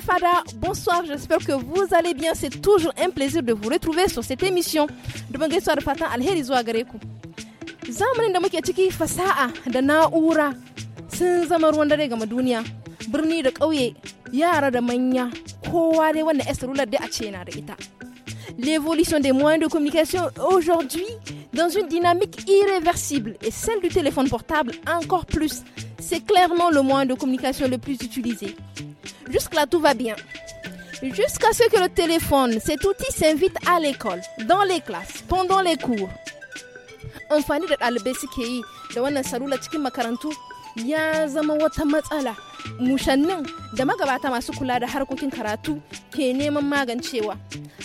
Fada, bonsoir, j'espère que vous allez bien. C'est toujours un plaisir de vous retrouver sur cette émission. de Zamanin L'évolution des moyens de communication aujourd'hui dans une dynamique irréversible et celle du téléphone portable encore plus. C'est clairement le moyen de communication le plus utilisé. Jusque-là, tout va bien. Jusqu'à ce que le téléphone, cet outil s'invite à l'école, dans les classes, pendant les cours. da suke makarantu ya zama wata matsala. Mushannin da magabata masu kula karatu ke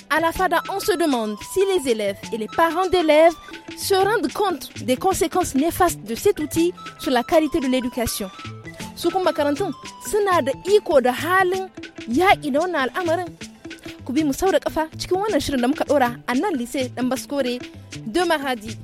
À la on se demande si les élèves et les parents d'élèves se rendent compte des conséquences néfastes de cet outil sur la qualité de l'éducation su kuma makarantun suna da iko da halin yaƙi da wannan al'amarin ku bi mu sau kafa cikin wannan shirin da muka dora a nan lise ɗan baskore de maradi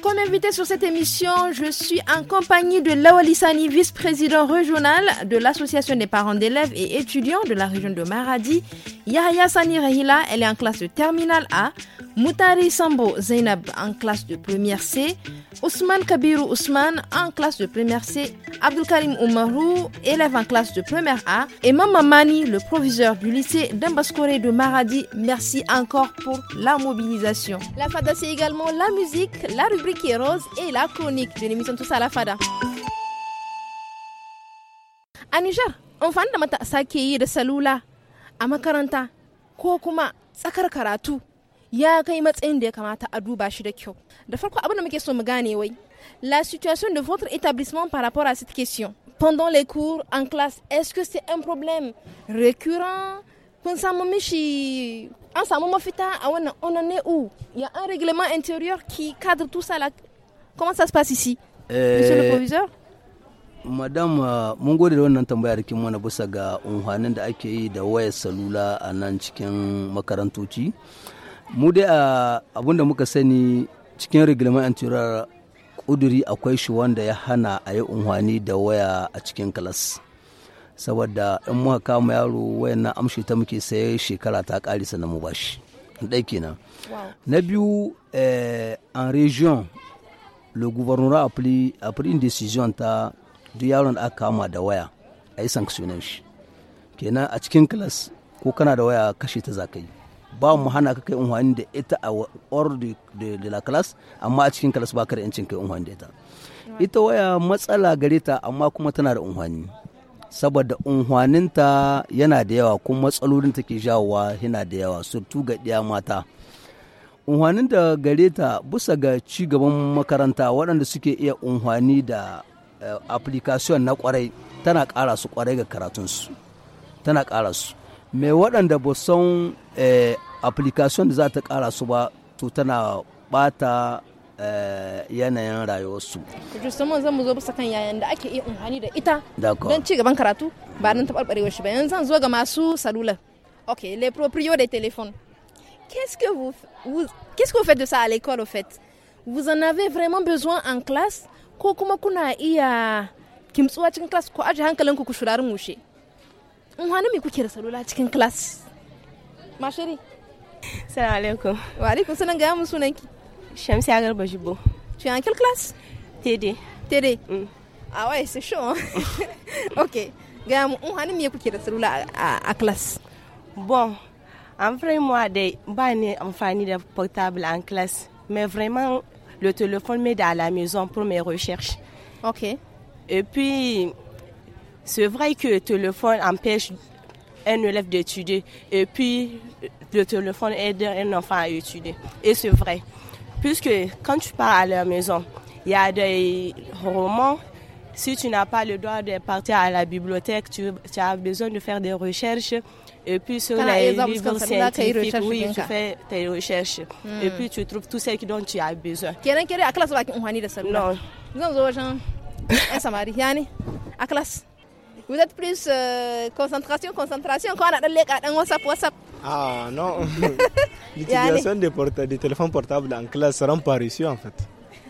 Comme invité sur cette émission, je suis en compagnie de Lawali Sani, vice-président régional de l'Association des parents d'élèves et étudiants de la région de Maradi, Yahya Sani Rahila, elle est en classe de terminale A. Moutari Sambo Zainab en classe de première C. Ousmane Kabiru Ousmane en classe de première C. Abdul Karim Oumarou, élève en classe de première A. Et Mamamani, le proviseur du lycée d'Ambascoré de Maradi, merci encore pour la mobilisation. La FADA, c'est également la musique, la rubrique est rose et la chronique de l'émission Tous à la FADA. À Niger, à de salula la situation de votre établissement par rapport à cette question pendant les cours en classe est-ce que c'est un problème récurrent où il y a un règlement intérieur qui cadre tout ça là comment ça se passe ici monsieur le euh, proviseur madam uh, mun gode da wannan tambaya da kin mana bisa ga unhwanin da ake yi da wayar salula a nan cikin makarantoci mu dai uh, abun da muka sani cikin rigilman antirar kuduri akwai shi wanda ya hana a yi unhwani da waya a cikin kalas saboda in muka kama yaro wayan na amshi ta muke sai shekara ta ƙare sannan mu bashi dai kenan na biyu eh, en region le gouvernement a pris une décision ta duk yaron da aka kama da waya a yi sanksiyonin shi kenan a cikin kilas ko kana da waya kashe ta zakai ba mu hana ka kai unhwani da ita a or de la class amma a cikin kilas ka da yancin kai unhwani da ita ita waya matsala gare ta amma kuma tana da unhwani saboda unhwaninta yana da yawa kuma matsalolin take jawowa yana da yawa surtu ga ɗiya mata unhwanin da gare ta bisa ga ci gaban makaranta waɗanda suke iya unhwani da Eh, application na kwarai tana ƙara su kwarai ga karatunsu tana ƙara su mai waɗanda ba san eh, application da za ta ƙara su ba to tana ɓata eh, yanayin rayuwarsu. Justement zan mu zo bisa kan yayan da ake iya amfani da ita don ci gaban karatu ba nan taɓarɓarewar shi ba yanzu zan zo ga masu salula. Ok, les proprios de téléphones. Qu'est-ce que vous, vous qu'est-ce que vous faites de ça à l'école au fait? Vous en avez vraiment besoin en classe? ko kuma kuna iya kimtsuwa cikin klas ko aji hankalinku ku shurarin wushe in hannu mai kuke da salula cikin klas mashiri salamu alaikum wa alaikum salam ga mu sunanki ki. Shamsi jibo tu es en quelle klas tede Tede. a wai su c'est chaud ok ga mu in hannu mai kuke da salula a klas bon en mu a dai ba ne amfani da portable en classe mais vraiment le téléphone m'aide à la maison pour mes recherches. Ok. Et puis, c'est vrai que le téléphone empêche un élève d'étudier. Et puis, le téléphone aide un enfant à étudier. Et c'est vrai. Puisque quand tu pars à la maison, il y a des romans. Si tu n'as pas le droit de partir à la bibliothèque, tu, tu as besoin de faire des recherches. Et puis sur les livres scientifiques, oui, tu fais tes recherches. Hmm. Et puis tu trouves tout ce dont tu as besoin. Non. classe Vous êtes plus euh, concentration, concentration, quand on a WhatsApp, WhatsApp. Ah non, l'utilisation des, téléphones portables en classe rend pas réussie en fait.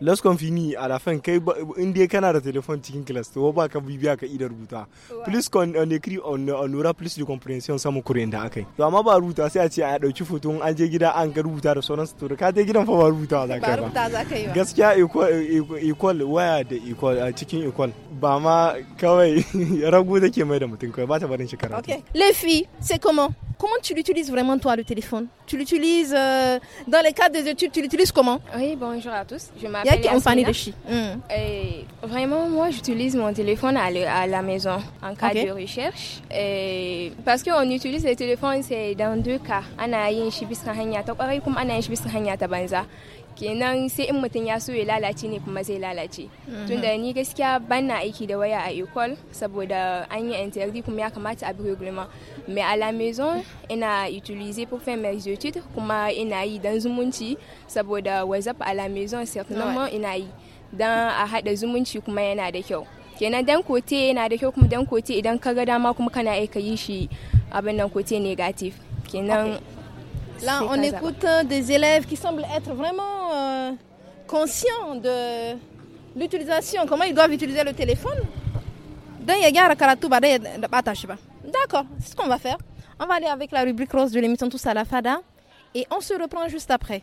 lorsqu'on finit à la fin kai in dai kana da téléphone cikin class to ba ka bibiya ka ida rubuta plus qu'on on écrit on on aura plus de compréhension samu kuren da akai to amma ba rubuta sai a ce a dauki foton an je gida an ga rubuta da sauransu to ka dai gidan fa ba rubuta za ka ba gaskiya equal waya da equal cikin equal ba ma kawai ragu take mai da mutum kawai ba ta barin shi karatu okay les filles c'est comment Comment tu l'utilises vraiment toi le téléphone Tu l'utilises euh, dans les cadres des études, tu l'utilises comment Oui, bonjour à tous. Je m'appelle Yasmina. Hmm. vraiment, moi, j'utilise mon téléphone à, la maison en cas de recherche. Et parce qu'on utilise le téléphone, c'est dans deux cas. Ana kenan sai in mutum ya so ya lalace ne kuma zai lalace mhm. tunda ni gaskiya ban na aiki da waya a ecole saboda an yi interdit kuma ya kamata a bi gulma mai ala maison ina utiliser pour faire mes études kuma ina yi dan zumunci saboda whatsapp ala maison certainement ina yi dan a hada zumunci kuma yana da kyau kenan dan kote yana da kyau kuma dan kote idan ka ga dama kuma kana aika yi shi abin nan kote negative kenan Là, on écoute hein, des élèves qui semblent être vraiment euh, conscients de l'utilisation, comment ils doivent utiliser le téléphone. D'accord, c'est ce qu'on va faire. On va aller avec la rubrique rose de l'émission Tous à la Fada et on se reprend juste après.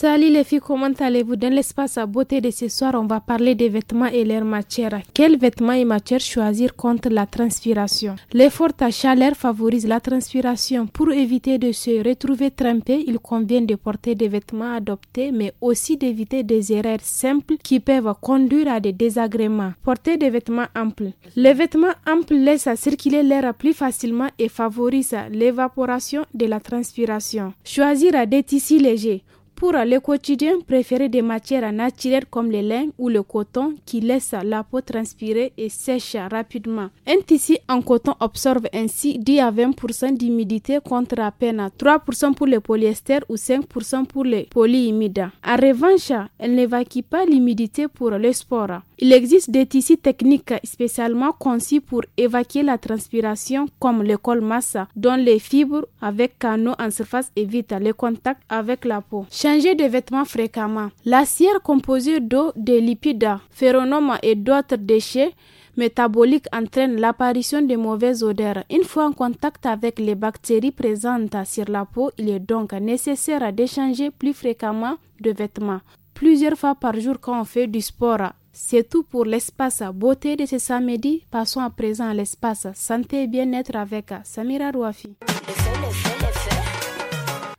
Salut les filles, comment allez-vous Dans l'espace à beauté de ce soir, on va parler des vêtements et leurs matières. Quels vêtements et matières choisir contre la transpiration L'effort à chaleur favorise la transpiration. Pour éviter de se retrouver trempé, il convient de porter des vêtements adoptés, mais aussi d'éviter des erreurs simples qui peuvent conduire à des désagréments. Porter des vêtements amples. Les vêtements amples laissent circuler l'air plus facilement et favorisent l'évaporation de la transpiration. Choisir des tissus légers. Pour le quotidien préférez des matières naturelles comme le lin ou le coton qui laisse la peau transpirer et sèche rapidement. Un tissu en coton absorbe ainsi 10 à 20% d'humidité contre à peine 3% pour le polyester ou 5% pour le polyimida. En revanche, elle n'évacue pas l'humidité pour le sport. Il existe des tissus techniques spécialement conçus pour évacuer la transpiration comme le colmassa, dont les fibres avec canaux en surface évitent le contact avec la peau. Changer de vêtements fréquemment. La cire composée d'eau, de lipides, phéromones et d'autres déchets métaboliques entraîne l'apparition de mauvaises odeurs. Une fois en contact avec les bactéries présentes sur la peau, il est donc nécessaire d'échanger plus fréquemment de vêtements, plusieurs fois par jour quand on fait du sport c'est tout pour l'espace beauté de ce samedi. Passons à présent à l'espace santé et bien-être avec Samira Rouafi.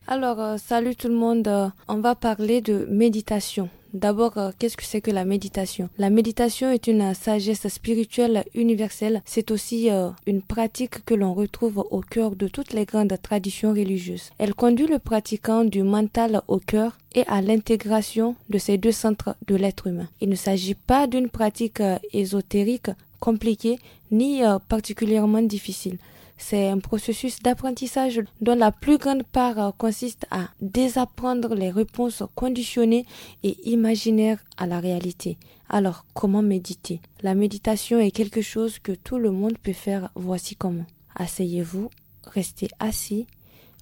Alors, euh, salut tout le monde. Euh, on va parler de méditation. D'abord, euh, qu'est-ce que c'est que la méditation La méditation est une sagesse spirituelle universelle. C'est aussi une pratique que l'on retrouve au cœur de toutes les grandes traditions religieuses. Elle conduit le pratiquant du mental au cœur et à l'intégration de ces deux centres de l'être humain. Il ne s'agit pas d'une pratique ésotérique compliquée ni particulièrement difficile. C'est un processus d'apprentissage dont la plus grande part euh, consiste à désapprendre les réponses conditionnées et imaginaires à la réalité. Alors, comment méditer La méditation est quelque chose que tout le monde peut faire. Voici comment. Asseyez-vous, restez assis,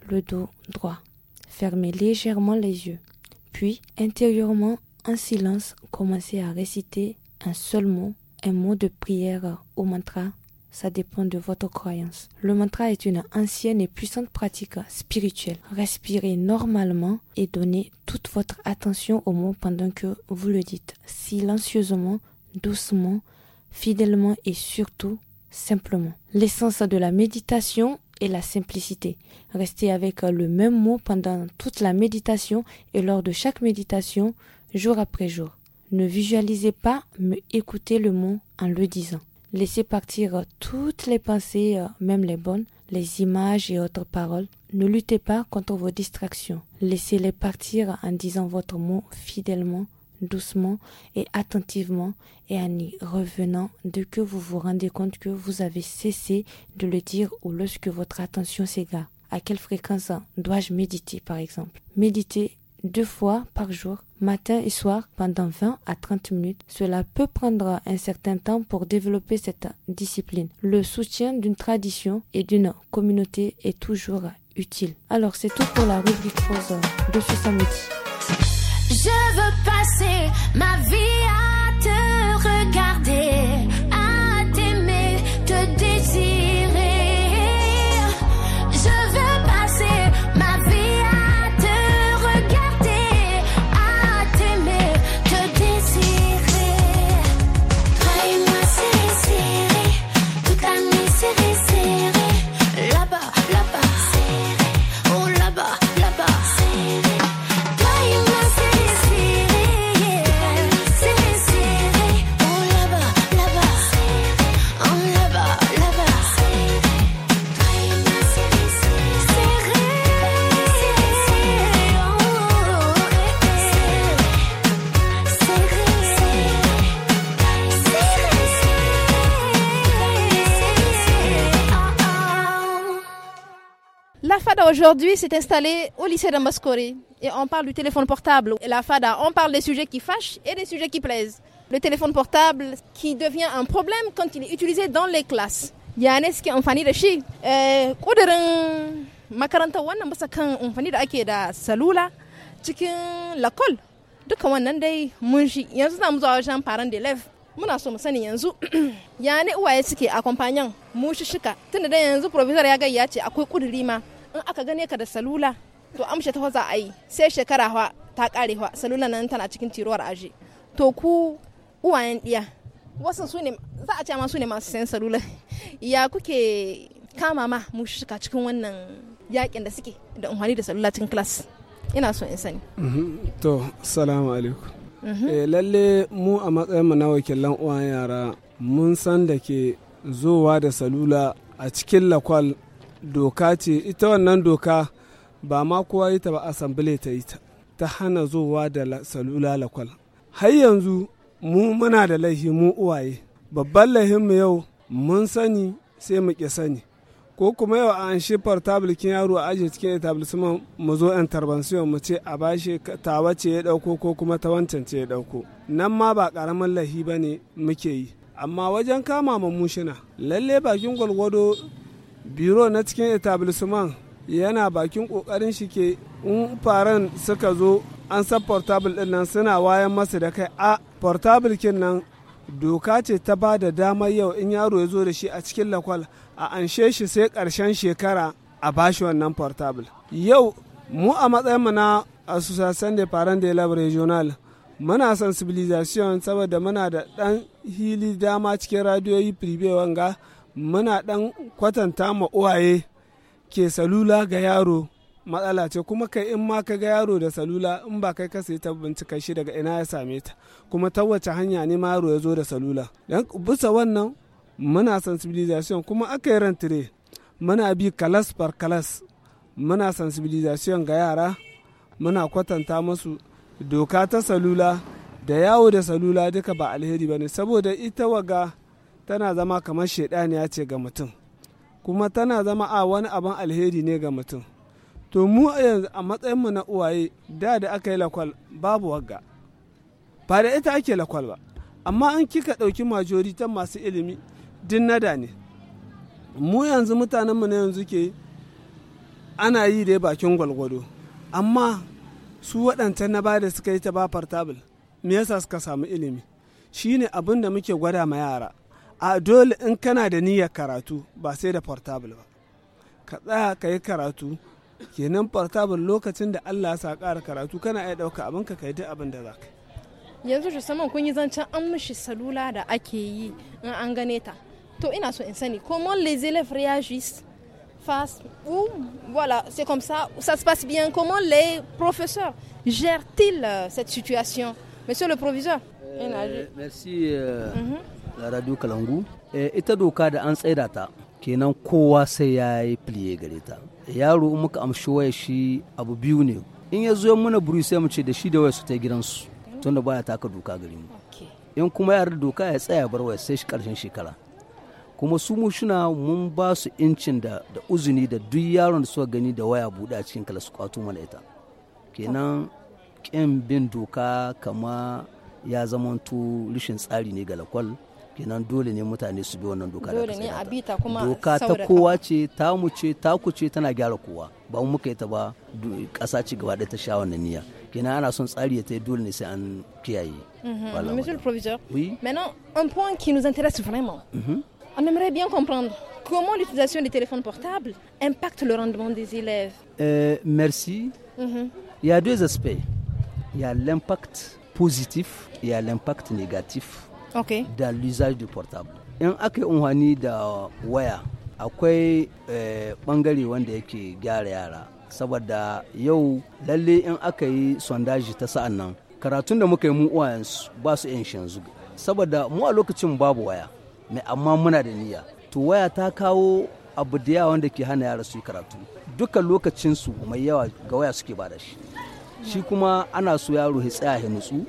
le dos droit. Fermez légèrement les yeux. Puis, intérieurement, en silence, commencez à réciter un seul mot, un mot de prière ou mantra ça dépend de votre croyance. Le mantra est une ancienne et puissante pratique spirituelle. Respirez normalement et donnez toute votre attention au mot pendant que vous le dites, silencieusement, doucement, fidèlement et surtout simplement. L'essence de la méditation est la simplicité. Restez avec le même mot pendant toute la méditation et lors de chaque méditation, jour après jour. Ne visualisez pas, mais écoutez le mot en le disant. Laissez partir euh, toutes les pensées, euh, même les bonnes, les images et autres paroles. Ne luttez pas contre vos distractions. Laissez-les partir en disant votre mot fidèlement, doucement et attentivement et en y revenant dès que vous vous rendez compte que vous avez cessé de le dire ou lorsque votre attention s'égare. À quelle fréquence hein, dois-je méditer par exemple Méditer deux fois par jour, matin et soir, pendant 20 à 30 minutes. Cela peut prendre un certain temps pour développer cette discipline. Le soutien d'une tradition et d'une communauté est toujours utile. Alors c'est tout pour la rubrique 3 de ce samedi. Je veux passer ma vie à te regarder. aujourd'hui s'est installée au lycée d'Ambascori et on parle du téléphone portable. Et la FADA, on parle des sujets qui fâchent et des sujets qui plaisent. Le téléphone portable qui devient un problème quand il est utilisé dans les classes. un ke de da shi ƙudurin euh, makarantar wannan bisa kan amfani da ake da salula cikin lakol duka wannan dai munshi yanzu za mu a wajen faran da lef muna so mu sani yanzu ya ne uwaye suke accompagnant kwamfanyan mu shika tunda dai yanzu professeur ya gayya ce akwai kuduri ma in aka gane ka da salula to amshe ta za a yi sai shekara fa ta kare fa salula nan tana cikin tiruwar aje to ku uwayen diya wasu su ne za a ce ma su ne masu sayan salula ya kuke kama ma mu shika cikin wannan yakin da suke da unhwani da salula cikin class ina so in sani mhm. to salamu alaikum mhm. eh, lalle mu a matsayin mu na wakilan uwan yara mun san da ke zowa da salula a cikin lakwal doka ce ita wannan doka ba ma kowa yi ta ba asambile ta yi ta ta hana zowa da salula lakwal har yanzu mu muna da laihi mu uwaye babban mu yau mun sani sai mu ƙi sani ko kuma yau an shifar tablikin yaro a ajiye cikin etablisman mu zo tarbansiyon mu ce a bashi tawa ce ya dauko ko kuma ta wancan ce ya dauko nan ma ba karamin lahi ba ne muke yi amma wajen kama ma mushina lalle bakin gwalgwado biro na cikin etablissement yana bakin kokarin shi ke in faran suka zo an san portable din nan suna wayan masu da kai a portable kin nan doka ce ta ba da damar yau in yaro ya zo da shi a cikin lakwal a anshe shi sai karshen shekara a bashi wannan portable yau mu a matsayin mu na association de parents de lab regional muna sensibilisation saboda muna da dan hili dama cikin radiyoyi pribe wanga muna ɗan kwatanta ma uwaye ke salula ga yaro matsala ce kuma kai in ma ka ga yaro da salula in ba kai ka ta bincika shi daga ina ya same ta kuma ta wace hanya ne ma yaro ya zo da salula dan bisa wannan muna sensibilisation kuma aka yi rantire muna bi kalas par kalas muna sensibilisation ga yara muna kwatanta musu doka ta salula da yawo da salula duka ba alheri ba ne saboda ita waga tana zama kamar shaidaniya ce ga mutum kuma tana zama a wani abin alheri ne ga mutum to mu yanzu a matsayinmu na uwaye da da aka yi lakwal babu wagga ba da ita ake lakwal ba amma an kika ɗauki majoritan masu ilimi din nada ne mu yanzu mutanenmu na yanzu ke ana yi da bakin gwalgwado amma su waɗancan na bada suka yi ta ba portable me yasa suka samu ilimi shine abin da muke gwada ma yara a dole in kana da niyyar karatu ba sai da portable ba ka tsaya ka yi karatu kenan portable lokacin da allah sa ƙara karatu kana iya ɗauka abin ka yi duk abin da za ka yanzu shi saman kun yi zancen an mishi salula da ake yi in an gane ta to ina so in sani comment les élèves réagissent face ou voilà c'est comme ça ça se passe bien comment les professeurs gèrent-ils euh, cette situation monsieur le proviseur euh, merci euh... mm -hmm. da radio kalangu eh, ita doka da an tsaida ta kenan kowa sai ya yi pliye gare ta yaro in muka amshi waya shi abu biyu ne in ya zo muna buri sai mu ce da shi da waya su ta gidansu tunda baya taka doka gare mu in kuma yar doka ya tsaya bar waya sai shi karshen shekara kuma su mu shuna mun ba su incin da da uzuni da duk yaron da suka gani da waya buɗe a cikin kala su kwato mana ita kenan kin bin doka kama ya zamanto rishin tsari ne ga lakwal kenan dole ne mutane su bi wannan doka dole ne a bita kuma doka ta kowa ce ta mu ce ta ku ce tana gyara kowa ba mu muka yi ta ba ƙasa ci gaba da ta sha wannan niyya kenan ana son tsari ya ta yi dole ne sai an kiyaye mhm. Monsieur le proviseur oui maintenant un point qui nous intéresse vraiment mhm. on aimerait bien comprendre comment l'utilisation des téléphones portables impacte le rendement des élèves euh, merci mhm. il y a deux aspects il y a l'impact positif et il y a l'impact négatif okay. da l'usage du portable in aka yi da waya akwai eh, wanda yake gyara yara saboda yau lalle in aka yi sondaji ta sa'an nan karatun da muka yi mu uwayensu ba su yin shanzu saboda mu a lokacin babu waya mai amma muna da niyya to waya ta kawo abu da yawa wanda ke hana yara su yi karatu dukkan lokacinsu mai yawa ga waya suke ba da shi shi kuma ana so yaro ya tsaya ya nutsu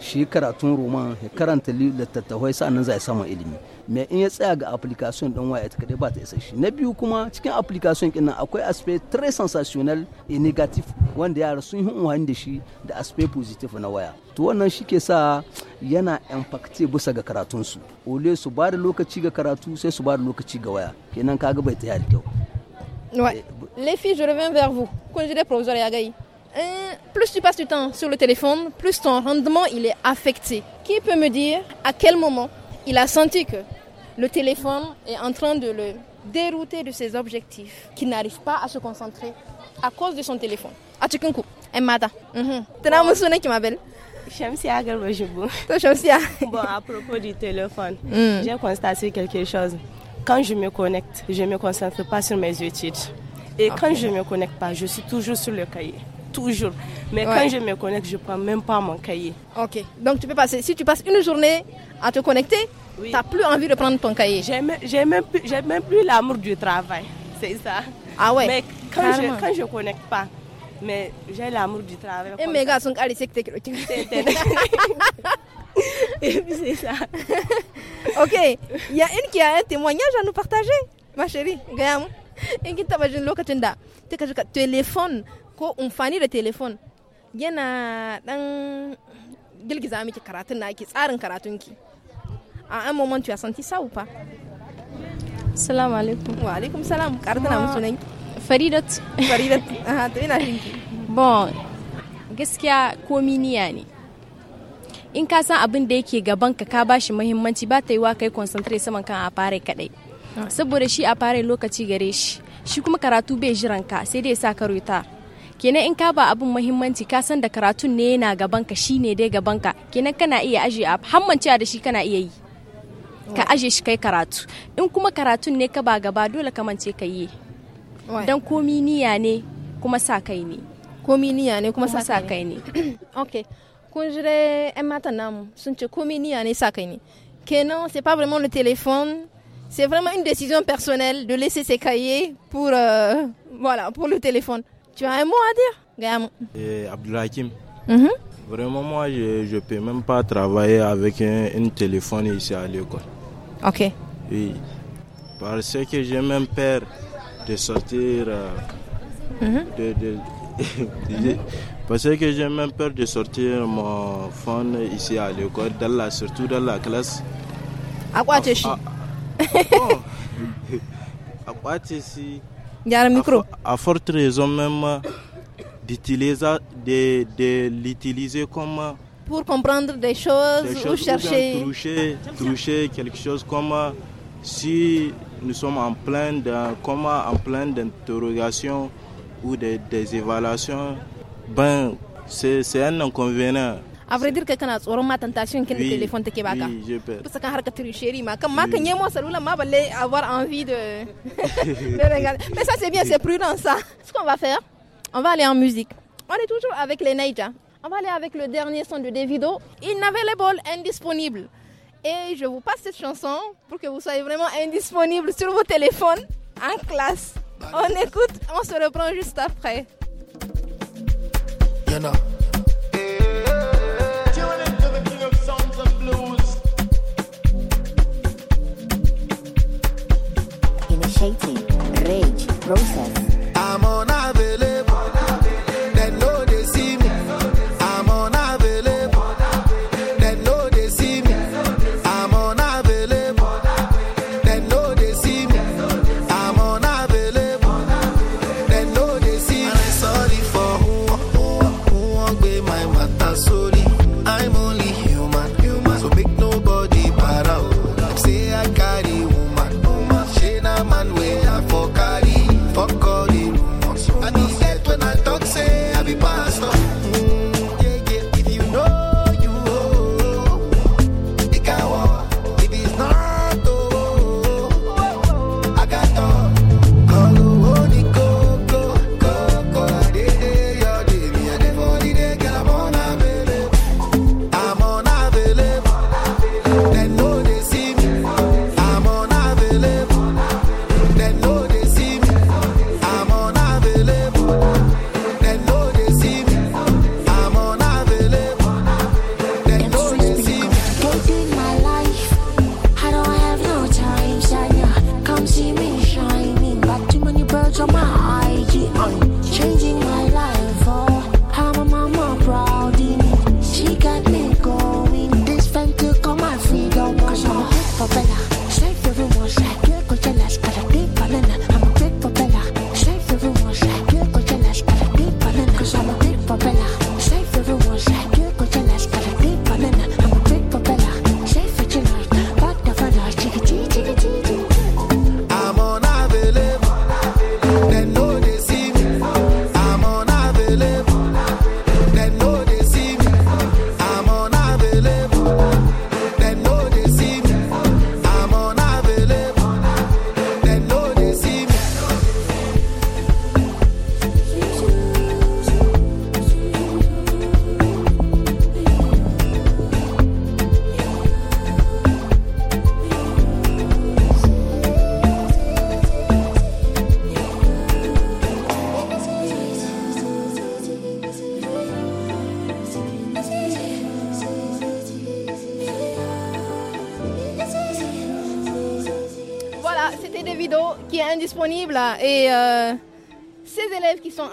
shi karatun roman ya karanta littattafai sa'annan za a samu ilimi me in ya tsaya ga application din waya ta kadai ba ta isa shi na biyu kuma cikin application kin nan akwai aspect très sensationnel et négatif. wanda yara sun yi unwani da shi da aspect positif na waya to wannan shi ke sa yana impacte bisa ga karatun su ole su ba da lokaci ga karatu sai su ba da lokaci ga waya kenan kaga bai tsaya da kyau Ouais. Les filles, je reviens vers vous. Congé provisoire, Yagaï. Euh, plus tu passes du temps sur le téléphone, plus ton rendement il est affecté. Qui peut me dire à quel moment il a senti que le téléphone est en train de le dérouter de ses objectifs, qu'il n'arrive pas à se concentrer à cause de son téléphone. Mhm. À tu Emmada. coup? qui m'appelle Bon, à propos du téléphone, mm. j'ai constaté quelque chose. Quand je me connecte, je ne me concentre pas sur mes études. Et quand je ne me connecte pas, je suis toujours sur le cahier toujours. Mais quand je me connecte, je prends même pas mon cahier. Ok, donc tu peux passer, si tu passes une journée à te connecter, tu n'as plus envie de prendre ton cahier. J'ai même, plus, même plus l'amour du travail, c'est ça. Ah ouais Mais quand je ne connecte pas, mais j'ai l'amour du travail. Et eh, mes gars sont allés, c'est ça. ok, il y a une qui a un témoignage à nous partager, ma chérie. Gayam. ko umfani da telefon yana dan girgiza miki karatun da ake tsarin karatunki a an momentu ya santi sau fa salamu alaikum wa alaikum salam karatuna musu nan faridat faridat aha to ina jinki bon gaskiya komi niya ne in ka san abin da yake gaban ka ka bashi muhimmanci ba ta yi wa kai concentrate saman kan a fare kadai ah. saboda shi a fare lokaci gare shi shi kuma karatu bai jiran ka sai dai sa ka rutar kenan in ka ba abin muhimmanci ka san da karatun ne yana gaban ka shine dai gaban ka kenan kana iya aje a hammancewa da shi kana iya yi ka aje shi kai karatu in kuma karatun ne ka ba gaba dole ka mance ka yi dan komi niyya ne kuma sa kai ne komi niyya ne kuma sa kai ne okay kun jire yan matan namu sun ce komi niyya ne sa kai ne kenan c'est pas vraiment le téléphone c'est vraiment une décision personnelle de laisser ses cahiers pour euh, voilà pour le téléphone tu as un mot à dire Et Hakim. Vraiment, moi, je ne peux même pas travailler avec un, téléphone ici à l'école. Ok. Oui. Parce que j'ai même peur de sortir. parce que j'ai même peur de sortir mon phone ici à l'école, surtout dans la classe. À quoi tu es À quoi tu es micro. À, forte raison même d'utiliser de, l'utiliser comme pour comprendre des choses, des ou chercher trucher, quelque chose comme si nous sommes en plein de, en plein d'interrogations ou de, des évaluations ben c'est un inconvénient à vrai dire que kana tsoron ma tentation kin oui j'ai parce ma ma kan yemo ma avoir envie de mais ça c'est bien c'est prudent ça ce qu'on va faire on va aller en musique on est toujours avec les Naija on va aller avec le dernier son de Davido Inavailable indisponible et je vous passe cette chanson pour que vous soyez vraiment indisponible sur vos téléphones en classe on écoute on se reprend juste après process. I'm on a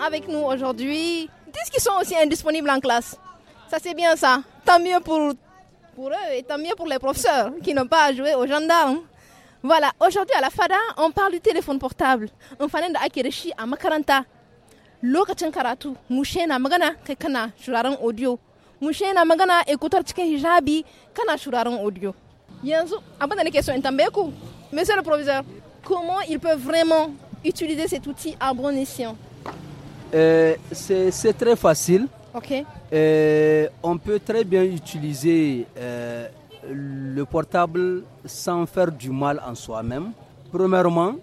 avec nous aujourd'hui disent qu'ils sont aussi indisponibles en classe. Ça, c'est bien ça. Tant mieux pour, pour eux et tant mieux pour les professeurs qui n'ont pas à jouer aux gendarmes. Voilà, aujourd'hui à la FADA, on parle du téléphone portable. On fait de ake à makaranta. Lokacin karatu, mushe na magana kai kana shuraren audio. Mushe na magana ekutar cikin hijabi kana shuraren audio. Yanzu, abin da nake so in tambaye ku, monsieur le professeur, comment ils peuvent vraiment utiliser cet outil à bon escient euh, c'est très facile. Euh, on peut très bien utiliser euh, le portable sans faire du mal en soi-même. Premièrement,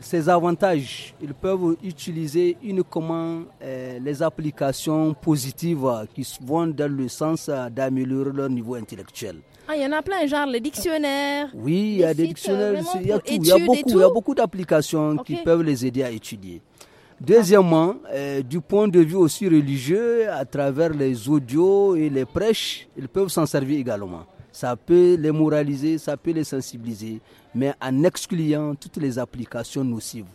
ses avantages, ils peuvent utiliser uniquement les applications positives qui vont dans le sens d'améliorer leur niveau intellectuel. Ah, il y en a plein, genre les dictionnaires. Oui, il y a des dictionnaires, il y a, y a beaucoup, beaucoup d'applications qui peuvent les aider à étudier. Deuxièmement, euh, du point de vue aussi religieux, à travers les audios et les prêches, ils peuvent s'en servir également. Ça peut les moraliser, ça peut les sensibiliser, mais en excluant toutes les applications nocives,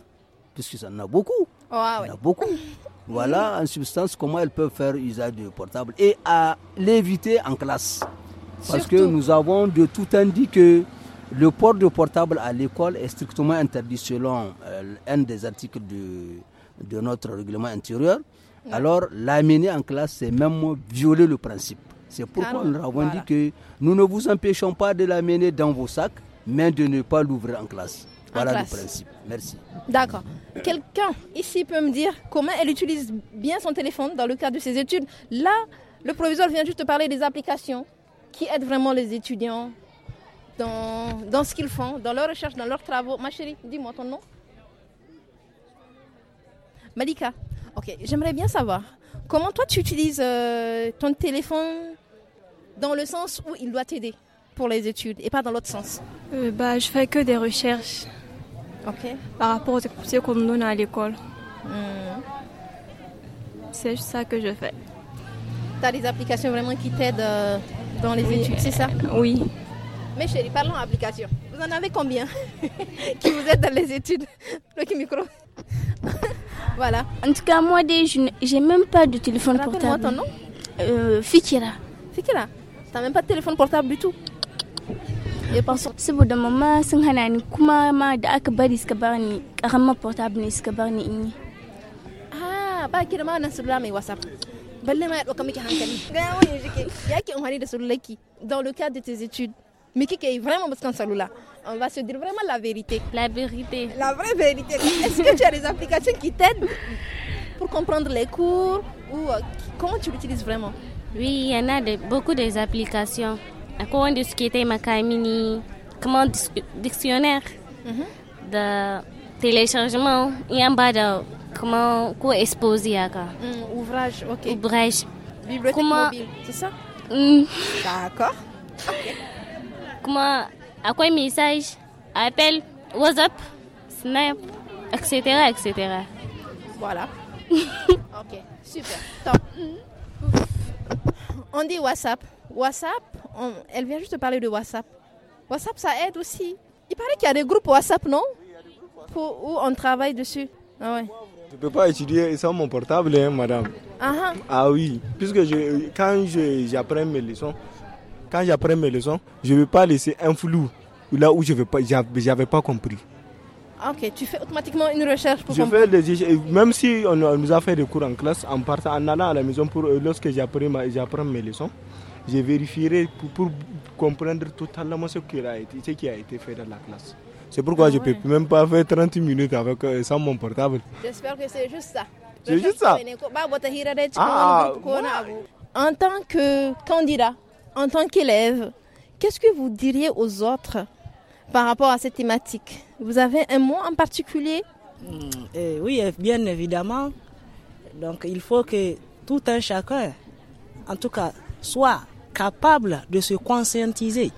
puisque ça en a beaucoup. Ah a beaucoup. Voilà en substance comment elles peuvent faire usage du portable et à l'éviter en classe. Parce que nous avons de tout indiqué que le port de portable à l'école est strictement interdit selon euh, un des articles de, de notre règlement intérieur, alors l'amener en classe, c'est même violer le principe. C'est pourquoi nous avons dit que nous ne vous empêchons pas de l'amener dans vos sacs, mais de ne pas l'ouvrir en classe. Voilà le principe. Merci. D'accord. Quelqu'un ici peut me dire comment elle utilise bien son téléphone dans le cadre de ses études Là, le proviseur vient juste parler des applications qui aident vraiment les étudiants dans, dans ce qu'ils font, dans leurs recherches, dans leurs travaux. Ma chérie, dis-moi ton nom. Malika, ok, j'aimerais bien savoir comment toi tu utilises euh, ton téléphone dans le sens où il doit t'aider pour les études et pas dans l'autre sens. Euh, bah, je fais que des recherches. Ok. Par rapport aux ce qu'on donne à l'école. Hmm. C'est ça que je fais. Tu as des applications vraiment qui t'aident euh, dans les études, c'est ça Oui. Mais chérie, parlons applications. Vous en avez combien qui vous aident dans les études Le micro voilà. En tout cas, moi, je n'ai même pas de téléphone portable. Moi ton nom euh, Fikira. Fikira n'as même pas de téléphone portable du tout Je pense que maman kuma da aka bari suka ah, un portable ne suka ni ah ba Ah, ma whatsapp ma miki hankali ga dans le cadre de tes études mais qui est vraiment on va se dire vraiment la vérité. La vérité. La vraie vérité. Est-ce que tu as des applications qui t'aident pour comprendre les cours ou euh, comment tu l'utilises vraiment Oui, il y en a de, beaucoup des applications. Comment était ma camini, comment dictionnaire, mhm. de téléchargement, il y un bas de comment quoi exposer à mm, ouvrage, ok. Ouvrage. Bibliothèque comment... mobile, c'est ça mm. D'accord. Comment quoi message appel whatsapp snap etc etc voilà ok super Top. on dit whatsapp whatsapp elle vient juste de parler de whatsapp whatsapp ça aide aussi il paraît qu'il y a des groupes whatsapp non pour où on travaille dessus ah ouais. Je ne peux pas étudier sans mon portable, hein, madame. Ah, ah. ah oui, puisque je, quand j'apprends mes leçons, quand j'apprends mes leçons, je ne vais pas laisser un flou là où je n'avais pas, pas compris. Ah, ok, tu fais automatiquement une recherche pour je même si on, nous a fait des cours en classe, en partant, en allant à la maison, pour, euh, lorsque j'apprends mes leçons, je vérifierai pour, comprendre totalement ce qui, a été, qui a été fait dans la classe. C'est pourquoi ah je ne peux même pas faire 30 minutes avec, euh, sans mon portable. J'espère que c'est juste ça. C'est juste ça. Bah, ah, en tant que candidat, en tant qu'élève, qu'est-ce que vous diriez aux autres par rapport à cette thématique Vous avez un mot en particulier mm, eh Oui, eh, bien évidemment. Donc il faut que tout un chacun, en tout cas, soit capable de se conscientiser.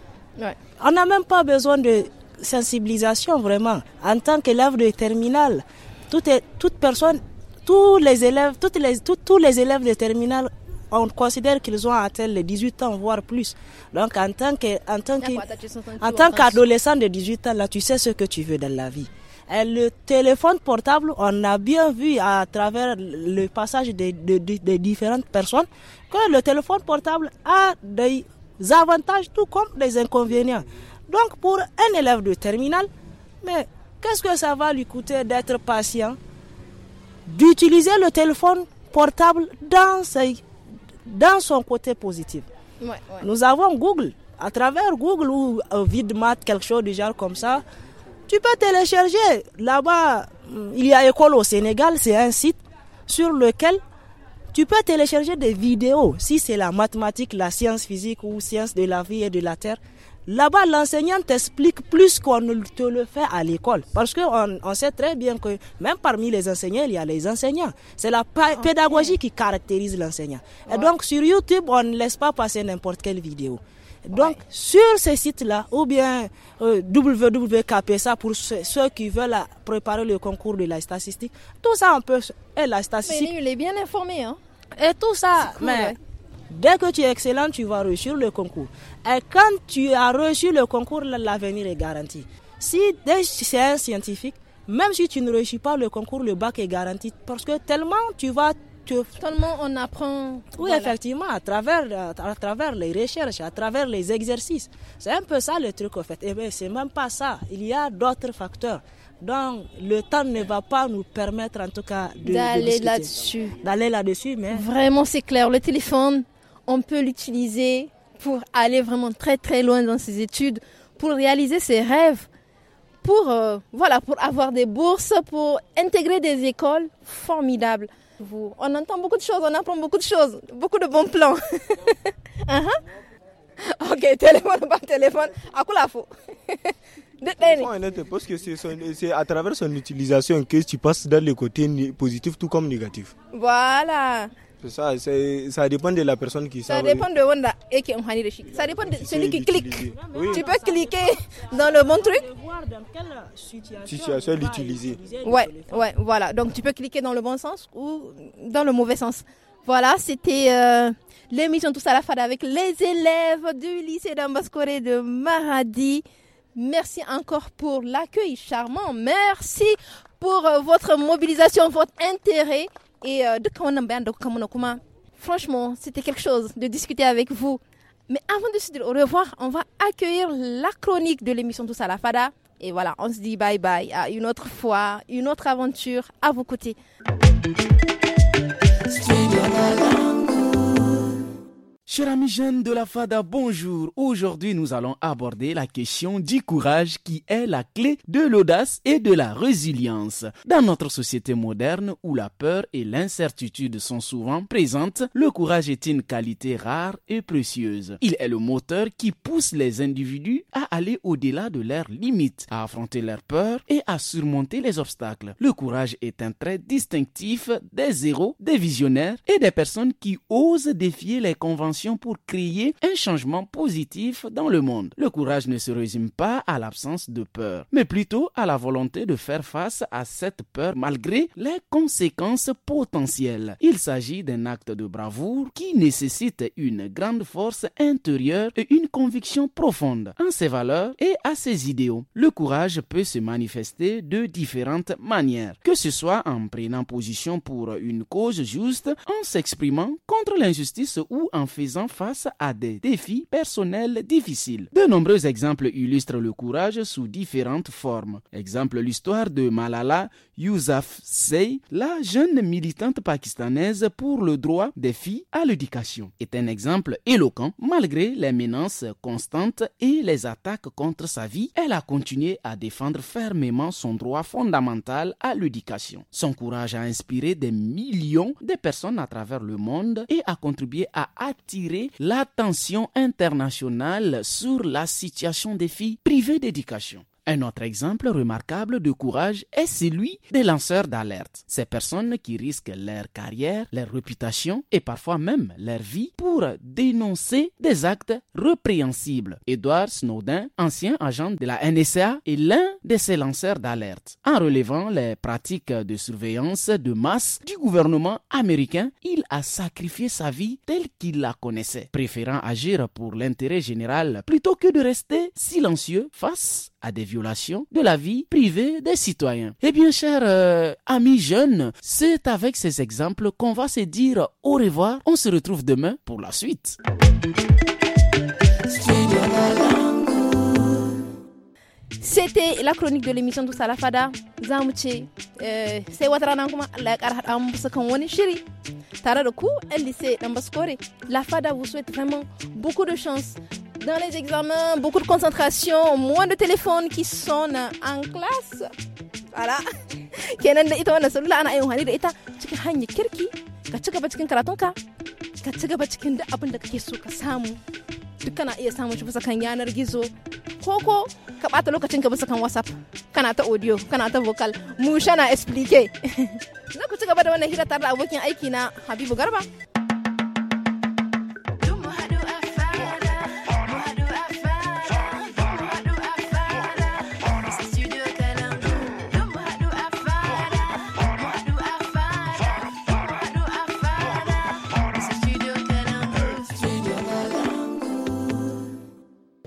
On n'a même pas besoin de sensibilisation vraiment. En tant qu'élève de terminale, toute, toute personne, tous les élèves, toutes les, tous les élèves de terminale on considère qu'ils ont atteint les 18 ans, voire plus. Donc, en tant que, qu'adolescent de 18 ans, là, tu sais ce que tu veux dans la vie. Et le téléphone portable, on a bien vu à travers le passage des différentes personnes que le téléphone portable a des avantages tout comme des inconvénients. Donc pour un élève de terminal, mais qu'est-ce que ça va lui coûter d'être patient, d'utiliser le téléphone portable dans ses dans son côté positif. Nous avons Google. À travers Google ou VidMat, quelque chose du genre comme ça, tu peux télécharger. Là-bas, euh, il y a École au Sénégal, c'est un site sur lequel tu peux télécharger des vidéos, si c'est la mathématique, la science physique ou science de la vie et de la terre. Là-bas, l'enseignant t'explique plus qu'on ne te le fait à l'école. Parce qu'on on sait très bien que même parmi les enseignants, il y a les enseignants. C'est la pédagogie qui caractérise l'enseignant. Et donc, sur YouTube, on ne laisse pas passer n'importe quelle vidéo. Donc, sur ces sites-là, ou bien euh, ça pour ceux, qui veulent préparer le concours de la statistique, tout ça, on peut. Et la statistique. Mais il est bien informé, hein? Et tout ça, mais. Dès que tu es excellent, tu vas réussir le concours. Et quand tu as reçu le concours, l'avenir est garanti. Si c'est un scientifique, même si tu ne réussis pas le concours, le bac est garanti parce que tellement tu vas Tellement on apprend. Oui, effectivement, à travers, à, travers les recherches, à travers les exercices. C'est un peu ça le truc, en fait. Et eh bien, c'est même pas ça. Il y a d'autres facteurs. Donc, le temps ne va pas nous permettre, en tout cas, d'aller là-dessus. D'aller là-dessus, mais. Vraiment, c'est clair. Le téléphone, on peut l'utiliser pour aller vraiment très très loin dans ses études, pour réaliser ses rêves, pour, euh, voilà, pour avoir des bourses, pour intégrer des écoles formidables. On entend beaucoup de choses, on apprend beaucoup de choses, beaucoup de bons plans. Uh-huh. Ok, téléphone pas téléphone, à quoi la faut e. parce que c'est à travers son utilisation que tu passes dans les côtés positifs tout comme négatifs. Voilà ça, ça dépend de la personne qui Ça dépend de et Ça dépend de celui qui clique. Tu peux cliquer dans le bon truc. situation l'utiliser. Ouais, ouais, voilà. Donc tu peux cliquer dans le bon sens ou dans le mauvais sens. Voilà, c'était euh, l'émission Tous à la fin avec les élèves du lycée d'Ambascoré de Maradi. Merci encore pour l'accueil charmant. Merci pour euh, votre mobilisation, votre intérêt. Et euh, franchement, c'était quelque chose de discuter avec vous. Mais avant de se dire au revoir, on va accueillir la chronique de l'émission Tous à la Fada. Et voilà, on se dit bye bye à une autre fois, une autre aventure à vos côtés. Chers amis jeunes de la FADA, bonjour. Aujourd'hui, nous allons aborder la question du courage qui est la clé de l'audace et de la résilience. Dans notre société moderne où la peur et l'incertitude sont souvent présentes, le courage est une qualité rare et précieuse. Il est le moteur qui pousse les individus à aller au-delà de leurs limites, à affronter leurs peurs et à surmonter les obstacles. Le courage est un trait distinctif des héros, des visionnaires et des personnes qui osent défier les conventions pour créer un changement positif dans le monde. Le courage ne se résume pas à l'absence de peur, mais plutôt à la volonté de faire face à cette peur malgré les conséquences potentielles. Il s'agit d'un acte de bravoure qui nécessite une grande force intérieure et une conviction profonde en ses valeurs et à ses idéaux. Le courage peut se manifester de différentes manières, que ce soit en prenant position pour une cause juste, en s'exprimant contre l'injustice ou en faisant face à des défis personnels difficiles. De nombreux exemples illustrent le courage sous différentes formes. Exemple l'histoire de Malala Yousafzai, la jeune militante pakistanaise pour le droit des filles à l'éducation, est un exemple éloquent. Malgré les menaces constantes et les attaques contre sa vie, elle a continué à défendre fermement son droit fondamental à l'éducation. Son courage a inspiré des millions de personnes à travers le monde et a contribué à attirer attirer l'attention internationale sur la situation des filles privées d'éducation. Un autre exemple remarquable de courage est celui des lanceurs d'alerte, ces personnes qui risquent leur carrière, leur réputation et parfois même leur vie pour dénoncer des actes répréhensibles. Edward Snowden, ancien agent de la NSA, est l'un de ces lanceurs d'alerte. En relevant les pratiques de surveillance de masse du gouvernement américain, il a sacrifié sa vie telle qu'il la connaissait, préférant agir pour l'intérêt général plutôt que de rester silencieux face à des violations de la vie privée des citoyens. Eh bien, chers euh, amis jeunes, c'est avec ces exemples qu'on va se dire au revoir. On se retrouve demain pour la suite. C'était la chronique de l'émission de Salafada. Zamuche, sai kuma Allah ya shiri La Fada vous souhaite vraiment beaucoup de chance dans les examens, beaucoup de concentration, moins de téléphones qui sonnent en classe. Voilà. kenan da ita wannan ana yin da ita kirki ka cikin ka cikin vocal mu